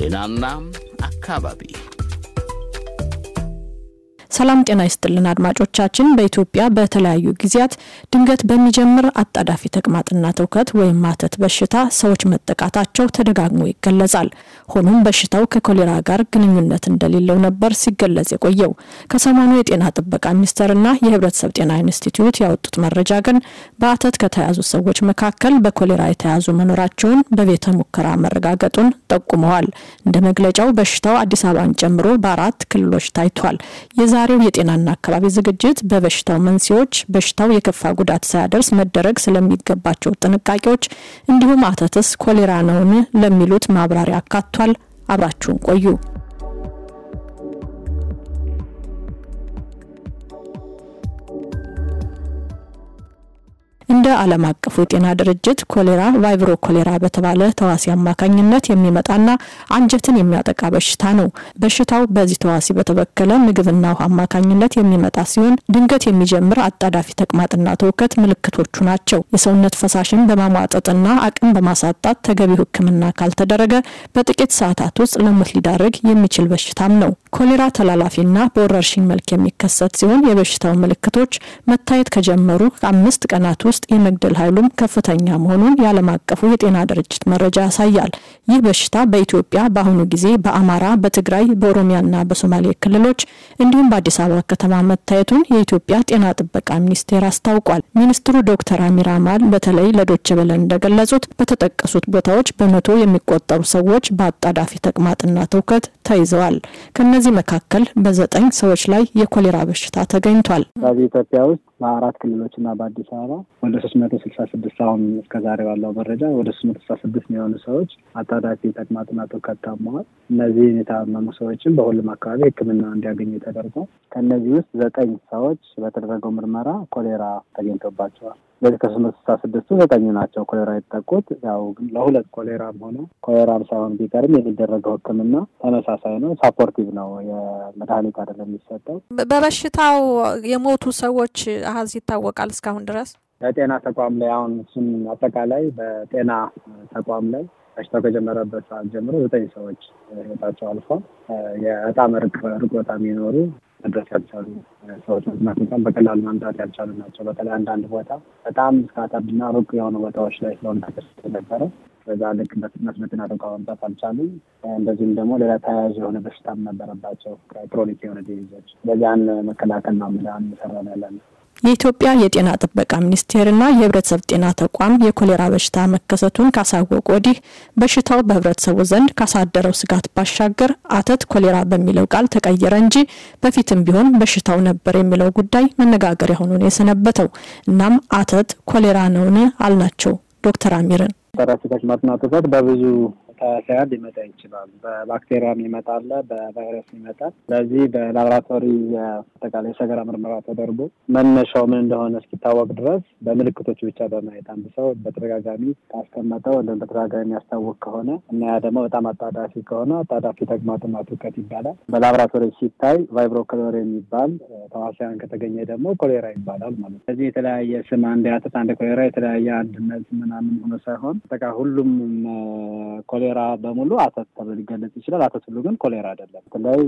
ጤናና አካባቢ ሰላም ጤና ይስጥልን አድማጮቻችን። በኢትዮጵያ በተለያዩ ጊዜያት ድንገት በሚጀምር አጣዳፊ ተቅማጥና ትውከት ወይም ማተት በሽታ ሰዎች መጠቃታቸው ተደጋግሞ ይገለጻል። ሆኖም በሽታው ከኮሌራ ጋር ግንኙነት እንደሌለው ነበር ሲገለጽ የቆየው። ከሰሞኑ የጤና ጥበቃ ሚኒስቴርና የህብረተሰብ ጤና ኢንስቲትዩት ያወጡት መረጃ ግን በአተት ከተያዙ ሰዎች መካከል በኮሌራ የተያዙ መኖራቸውን በቤተ ሙከራ መረጋገጡን ጠቁመዋል። እንደ መግለጫው በሽታው አዲስ አበባን ጨምሮ በአራት ክልሎች ታይቷል። የዛሬው የጤናና አካባቢ ዝግጅት በበሽታው መንስኤዎች፣ በሽታው የከፋ ጉዳት ሳያደርስ መደረግ ስለሚገባቸው ጥንቃቄዎች እንዲሁም አተትስ ኮሌራ ነውን ለሚሉት ማብራሪያ አካቷል። አብራችሁን ቆዩ። ዓለም አቀፉ የጤና ድርጅት ኮሌራ ቫይብሮ ኮሌራ በተባለ ተዋሲ አማካኝነት የሚመጣና አንጀትን የሚያጠቃ በሽታ ነው። በሽታው በዚህ ተዋሲ በተበከለ ምግብና ውሃ አማካኝነት የሚመጣ ሲሆን ድንገት የሚጀምር አጣዳፊ ተቅማጥና ትውከት ምልክቶቹ ናቸው። የሰውነት ፈሳሽን በማሟጠጥና አቅም በማሳጣት ተገቢው ሕክምና ካልተደረገ በጥቂት ሰዓታት ውስጥ ለሞት ሊዳርግ የሚችል በሽታም ነው። ኮሌራ ተላላፊና በወረርሽኝ መልክ የሚከሰት ሲሆን የበሽታው ምልክቶች መታየት ከጀመሩ አምስት ቀናት ውስጥ የመግደል ኃይሉም ከፍተኛ መሆኑን የዓለም አቀፉ የጤና ድርጅት መረጃ ያሳያል። ይህ በሽታ በኢትዮጵያ በአሁኑ ጊዜ በአማራ፣ በትግራይ፣ በኦሮሚያና በሶማሌ ክልሎች እንዲሁም በአዲስ አበባ ከተማ መታየቱን የኢትዮጵያ ጤና ጥበቃ ሚኒስቴር አስታውቋል። ሚኒስትሩ ዶክተር አሚር አማል በተለይ ለዶይቼ ቬለ እንደገለጹት በተጠቀሱት ቦታዎች በመቶ የሚቆጠሩ ሰዎች በአጣዳፊ ተቅማጥና ትውከት ተይዘዋል። ከነዚህ መካከል በዘጠኝ ሰዎች ላይ የኮሌራ በሽታ ተገኝቷል። በዚህ ኢትዮጵያ ውስጥ በአራት ክልሎችና በአዲስ አበባ ወደ ሶስት መቶ ስልሳ ስድስት አሁን እስከዛሬ ባለው መረጃ ወደ ሶስት መቶ ስልሳ ስድስት የሚሆኑ ሰዎች አጣዳፊ ተቅማጥና ትውከት ታመዋል። የታመሙ ሰዎችም በሁሉም አካባቢ ሕክምና እንዲያገኙ ተደርጎ ከእነዚህ ውስጥ ዘጠኝ ሰዎች በተደረገው ምርመራ ኮሌራ ተገኝቶባቸዋል። በዚህ ከስምንት ስልሳ ስድስቱ ዘጠኙ ናቸው ኮሌራ የተጠቁት። ያው ግን ለሁለት ኮሌራም ሆነ ኮሌራም ሳይሆን ቢቀርም የሚደረገው ሕክምና ተመሳሳይ ነው፣ ሳፖርቲቭ ነው። የመድኃኒት አይደለም የሚሰጠው። በበሽታው የሞቱ ሰዎች አሀዝ ይታወቃል እስካሁን ድረስ በጤና ተቋም ላይ አሁን እሱን አጠቃላይ በጤና ተቋም ላይ በሽታው ከጀመረበት ሰዓት ጀምሮ ዘጠኝ ሰዎች ህይወታቸው አልፏል። የእጣ ርቆታ የሚኖሩ መድረስ ያልቻሉ ሰዎች ምክንያቱም በቀላሉ መምጣት ያልቻሉ ናቸው። በተለይ አንዳንድ ቦታ በጣም ስካተርድና ሩቅ የሆኑ ቦታዎች ላይ ስለሆነ ነገር ስለነበረ በዛ ልክ በፍጥነት ተቋ መምጣት አልቻሉም። እንደዚሁም ደግሞ ሌላ ተያያዥ የሆነ በሽታም ነበረባቸው ክሮኒክ የሆነ ዲዚዞች። ስለዚህ ያን መከላከል ማምዳ እንሰራን ያለን የኢትዮጵያ የጤና ጥበቃ ሚኒስቴርና የህብረተሰብ ጤና ተቋም የኮሌራ በሽታ መከሰቱን ካሳወቁ ወዲህ በሽታው በህብረተሰቡ ዘንድ ካሳደረው ስጋት ባሻገር አተት ኮሌራ በሚለው ቃል ተቀየረ እንጂ በፊትም ቢሆን በሽታው ነበር የሚለው ጉዳይ መነጋገሪያ ሆኖ የሰነበተው። እናም አተት ኮሌራ ነውን አልናቸው ዶክተር አሚርን። ጸረ ስበት ማጥናጠታት በብዙ ተያያዥ ሊመጣ ይችላል። በባክቴሪያም ይመጣል፣ በቫይረስ ይመጣል። ስለዚህ በላብራቶሪ አጠቃላይ የሰገራ ምርመራ ተደርጎ መነሻው ምን እንደሆነ እስኪታወቅ ድረስ በምልክቶች ብቻ በማየት አንድ ሰው በተደጋጋሚ ካስቀመጠው እንደም በተደጋጋሚ ያስታወቅ ከሆነ እና ያ ደግሞ በጣም አጣዳፊ ከሆነ አጣዳፊ ተቅማጥና ትውከት ይባላል። በላብራቶሪ ሲታይ ቫይብሮ ኮሎራ የሚባል ተዋሳያን ከተገኘ ደግሞ ኮሌራ ይባላል ማለት ነው። ስለዚህ የተለያየ ስም አንድ ያተት አንድ ኮሌራ የተለያየ አንድነት ምናምን ሆኖ ሳይሆን በቃ ሁሉም ኮሌ ኮሌራ በሙሉ አተት ተብሎ ሊገለጽ ይችላል። አተት ሁሉ ግን ኮሌራ አይደለም። በተለይ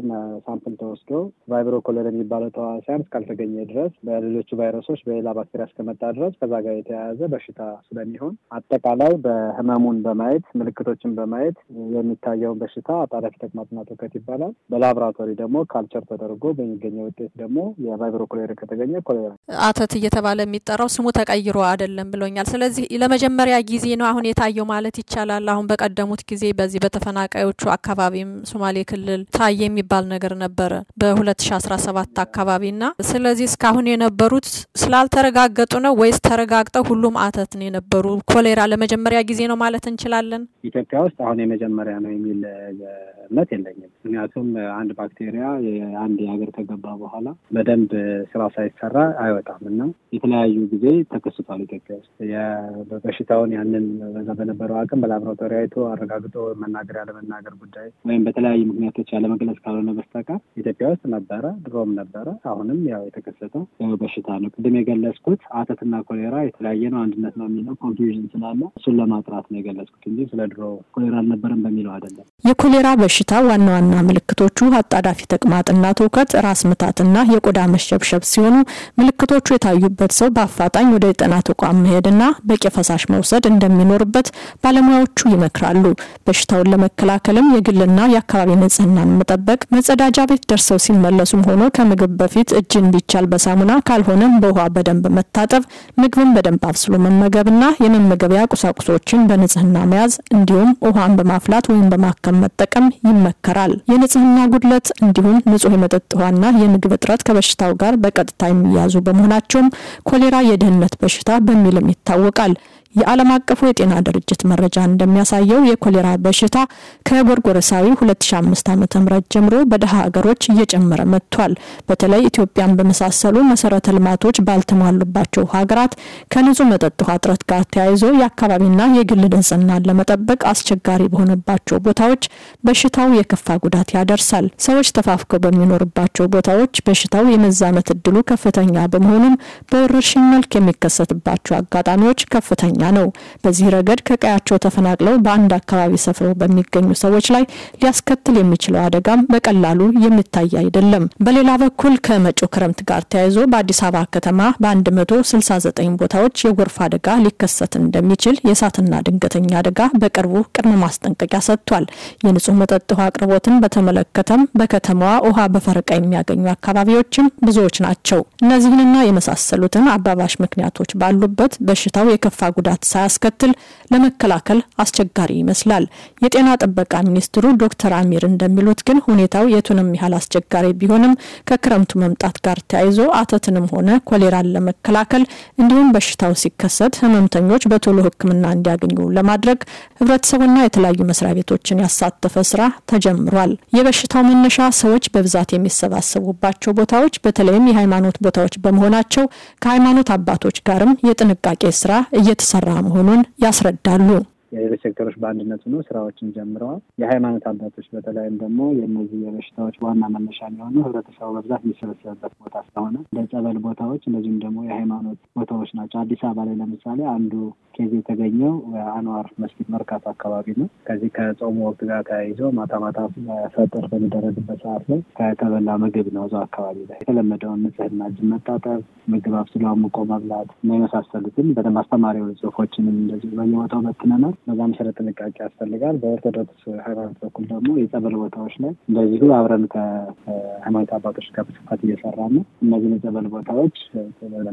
ሳምፕል ተወስዶ ቫይብሮ ኮሌራ የሚባለው ተዋሳያን እስካልተገኘ ድረስ በሌሎቹ ቫይረሶች በሌላ ባክቴሪያ እስከመጣ ድረስ ከዛ ጋር የተያያዘ በሽታ ስለሚሆን አጠቃላይ በህመሙን በማየት ምልክቶችን በማየት የሚታየውን በሽታ አጣዳፊ ተቅማጥና ትውከት ይባላል። በላብራቶሪ ደግሞ ካልቸር ተደርጎ በሚገኘ ውጤት ደግሞ የቫይብሮ ኮሌራ ከተገኘ ኮሌራ አተት እየተባለ የሚጠራው ስሙ ተቀይሮ አይደለም ብሎኛል። ስለዚህ ለመጀመሪያ ጊዜ ነው አሁን የታየው ማለት ይቻላል። አሁን በቀደሙት ጊዜ በዚህ በተፈናቃዮቹ አካባቢም ሶማሌ ክልል ታየ የሚባል ነገር ነበረ በ2017 ና ስለዚህ እስካሁን የነበሩት ስላልተረጋገጡ ነው ወይስ ተረጋግጠው ሁሉም አተት ነው የነበሩ? ኮሌራ ለመጀመሪያ ጊዜ ነው ማለት እንችላለን? ኢትዮጵያ ውስጥ አሁን የመጀመሪያ ነው የሚል እምነት የለኝም። ምክንያቱም አንድ ባክቴሪያ አንድ የሀገር ከገባ በኋላ በደንብ ስራ ሳይሰራ አይወጣም እና የተለያዩ ጊዜ ተከስቷል ኢትዮጵያ ውስጥ። በሽታውን ያንን በዛ በነበረው አቅም በላብራቶሪ አይቶ አረጋግጦ መናገር ያለመናገር ጉዳይ ወይም በተለያዩ ምክንያቶች ያለመግለጽ ካልሆነ በስተቀር ኢትዮጵያ ውስጥ ነበረ፣ ድሮም ነበረ። አሁንም ያው የተከሰተው በሽታ ነው። ቅድም የገለጽኩት አተትና ኮሌራ የተለያየ ነው፣ አንድነት ነው የሚለው ኮንፊውዥን ስላለ እሱን ለማጥራት ነው የገለጽኩት እንጂ ስለ ድሮ ኮሌራ አልነበረም በሚለው አይደለም። የኮሌራ በሽታ ዋና ዋና ዋና ምልክቶቹ አጣዳፊ ተቅማጥና ትውከት፣ ራስ ምታትና የቆዳ መሸብሸብ ሲሆኑ ምልክቶቹ የታዩበት ሰው በአፋጣኝ ወደ ጤና ተቋም መሄድና በቂ ፈሳሽ መውሰድ እንደሚኖርበት ባለሙያዎቹ ይመክራሉ። በሽታውን ለመከላከልም የግልና የአካባቢ ንጽህናን መጠበቅ፣ መጸዳጃ ቤት ደርሰው ሲመለሱም ሆኖ ከምግብ በፊት እጅን ቢቻል በሳሙና ካልሆነም በውሃ በደንብ መታጠብ፣ ምግብን በደንብ አብስሎ መመገብና የመመገቢያ ቁሳቁሶችን በንጽህና መያዝ እንዲሁም ውሃን በማፍላት ወይም በማከም መጠቀም ይመከራል። የንጽህና ጉድለት እንዲሁም ንጹህ የመጠጥ ውሃና የምግብ እጥረት ከበሽታው ጋር በቀጥታ የሚያዙ በመሆናቸውም ኮሌራ የደህንነት በሽታ በሚልም ይታወቃል። የዓለም አቀፉ የጤና ድርጅት መረጃ እንደሚያሳየው የኮሌራ በሽታ ከጎርጎረሳዊ 2005 ዓ ም ጀምሮ በደሃ ሀገሮች እየጨመረ መጥቷል። በተለይ ኢትዮጵያን በመሳሰሉ መሰረተ ልማቶች ባልተሟሉባቸው ሀገራት ከንጹህ መጠጥ ውሃ እጥረት ጋር ተያይዞ የአካባቢና የግል ንጽህናን ለመጠበቅ አስቸጋሪ በሆነባቸው ቦታዎች በሽታው የከፋ ጉዳት ያደርሳል። ሰዎች ተፋፍገው በሚኖርባቸው ቦታዎች በሽታው የመዛመት እድሉ ከፍተኛ በመሆኑም በወረርሽኝ መልክ የሚከሰትባቸው አጋጣሚዎች ከፍተኛ አደገኛ ነው። በዚህ ረገድ ከቀያቸው ተፈናቅለው በአንድ አካባቢ ሰፍረው በሚገኙ ሰዎች ላይ ሊያስከትል የሚችለው አደጋም በቀላሉ የሚታይ አይደለም። በሌላ በኩል ከመጪው ክረምት ጋር ተያይዞ በአዲስ አበባ ከተማ በ169 ቦታዎች የጎርፍ አደጋ ሊከሰት እንደሚችል የእሳትና ድንገተኛ አደጋ በቅርቡ ቅድመ ማስጠንቀቂያ ሰጥቷል። የንጹህ መጠጥ ውሃ አቅርቦትን በተመለከተም በከተማዋ ውሃ በፈረቃ የሚያገኙ አካባቢዎችም ብዙዎች ናቸው። እነዚህንና የመሳሰሉትን አባባሽ ምክንያቶች ባሉበት በሽታው የከፋ ጉዳት ጉዳት ሳያስከትል ለመከላከል አስቸጋሪ ይመስላል። የጤና ጥበቃ ሚኒስትሩ ዶክተር አሚር እንደሚሉት ግን ሁኔታው የቱንም ያህል አስቸጋሪ ቢሆንም ከክረምቱ መምጣት ጋር ተያይዞ አተትንም ሆነ ኮሌራን ለመከላከል እንዲሁም በሽታው ሲከሰት ህመምተኞች በቶሎ ሕክምና እንዲያገኙ ለማድረግ ህብረተሰቡና የተለያዩ መስሪያ ቤቶችን ያሳተፈ ስራ ተጀምሯል። የበሽታው መነሻ ሰዎች በብዛት የሚሰባሰቡባቸው ቦታዎች በተለይም የሃይማኖት ቦታዎች በመሆናቸው ከሃይማኖት አባቶች ጋርም የጥንቃቄ ስራ እየተሰራ እየተሰራ መሆኑን ያስረዳሉ። የሌሎች ሴክተሮች በአንድነት ሆኖ ስራዎችን ጀምረዋል። የሃይማኖት አባቶች በተለይም ደግሞ የእነዚህ የበሽታዎች ዋና መነሻ የሚሆኑ ህብረተሰቡ በብዛት የሚሰበሰብበት ቦታ ስለሆነ እንደ ጸበል ቦታዎች፣ እንደዚሁም ደግሞ የሃይማኖት ቦታዎች ናቸው። አዲስ አበባ ላይ ለምሳሌ አንዱ ኬዝ የተገኘው አንዋር መስጊድ መርካቶ አካባቢ ነው። ከዚህ ከጾሙ ወቅት ጋር ተያይዞ ማታ ማታ ፈጥር በሚደረግበት ሰዓት ላይ ከተበላ ምግብ ነው እዛው አካባቢ ላይ የተለመደውን ንጽህና እጅ መታጠብ፣ ምግብ አብስሎ አሙቆ መብላት እና የመሳሰሉትን በደንብ አስተማሪ ጽሁፎችንም እንደዚህ በየቦታው በትነናል። በዛ መሰረት ጥንቃቄ ያስፈልጋል። በኦርቶዶክስ ሃይማኖት በኩል ደግሞ የጸበል ቦታዎች ላይ እንደዚሁ አብረን ከሃይማኖት አባቶች ጋር በስፋት እየሰራ ነው። እነዚህን የጸበል ቦታዎች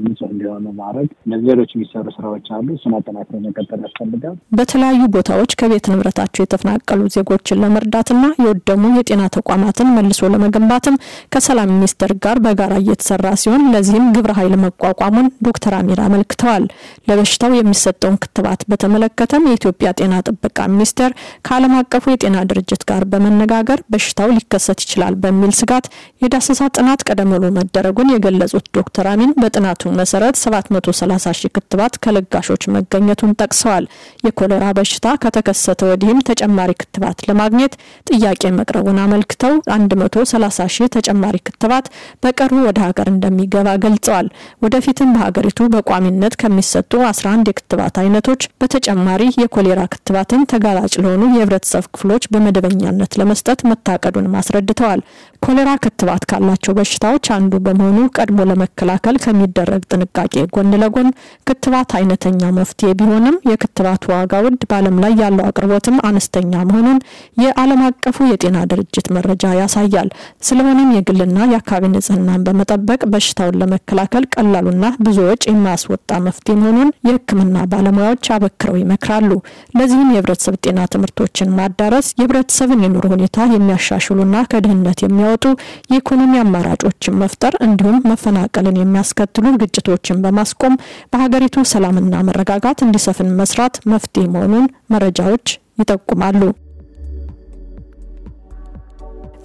ንጹህ እንዲሆኑ ማድረግ እንደዚህ ሌሎች የሚሰሩ ስራዎች አሉ። እሱን አጠናክሮ መቀጠል ያስፈልጋል። በተለያዩ ቦታዎች ከቤት ንብረታቸው የተፈናቀሉ ዜጎችን ለመርዳትና የወደሙ የጤና ተቋማትን መልሶ ለመገንባትም ከሰላም ሚኒስቴር ጋር በጋራ እየተሰራ ሲሆን ለዚህም ግብረ ኃይል መቋቋሙን ዶክተር አሚር አመልክተዋል። ለበሽታው የሚሰጠውን ክትባት በተመለከተም የኢትዮ የኢትዮጵያ ጤና ጥበቃ ሚኒስቴር ከዓለም አቀፉ የጤና ድርጅት ጋር በመነጋገር በሽታው ሊከሰት ይችላል በሚል ስጋት የዳሰሳ ጥናት ቀደም ብሎ መደረጉን የገለጹት ዶክተር አሚን በጥናቱ መሰረት 730 ሺህ ክትባት ከለጋሾች መገኘቱን ጠቅሰዋል። የኮሌራ በሽታ ከተከሰተ ወዲህም ተጨማሪ ክትባት ለማግኘት ጥያቄ መቅረቡን አመልክተው 130 ሺህ ተጨማሪ ክትባት በቀሩ ወደ ሀገር እንደሚገባ ገልጸዋል። ወደፊትም በሀገሪቱ በቋሚነት ከሚሰጡ 11 የክትባት አይነቶች በተጨማሪ የኮሌ የኮሌራ ክትባትን ተጋላጭ ለሆኑ የህብረተሰብ ክፍሎች በመደበኛነት ለመስጠት መታቀዱን አስረድተዋል። ኮሌራ ክትባት ካላቸው በሽታዎች አንዱ በመሆኑ ቀድሞ ለመከላከል ከሚደረግ ጥንቃቄ ጎን ለጎን ክትባት አይነተኛ መፍትሄ ቢሆንም የክትባት ዋጋ ውድ፣ በዓለም ላይ ያለው አቅርቦትም አነስተኛ መሆኑን የዓለም አቀፉ የጤና ድርጅት መረጃ ያሳያል። ስለሆነም የግልና የአካባቢ ንጽህናን በመጠበቅ በሽታውን ለመከላከል ቀላሉና ብዙ ወጪ የማያስወጣ መፍትሄ መሆኑን የሕክምና ባለሙያዎች አበክረው ይመክራሉ። ለዚህም የህብረተሰብ ጤና ትምህርቶችን ማዳረስ የህብረተሰብን የኑሮ ሁኔታ የሚያሻሽሉና ከድህነት የሚያ እንዲያወጡ፣ የኢኮኖሚ አማራጮችን መፍጠር እንዲሁም መፈናቀልን የሚያስከትሉ ግጭቶችን በማስቆም በሀገሪቱ ሰላምና መረጋጋት እንዲሰፍን መስራት መፍትሄ መሆኑን መረጃዎች ይጠቁማሉ።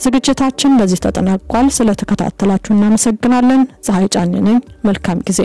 ዝግጅታችን በዚህ ተጠናቋል። ስለተከታተላችሁ እናመሰግናለን። ፀሐይ ጫን ነኝ። መልካም ጊዜ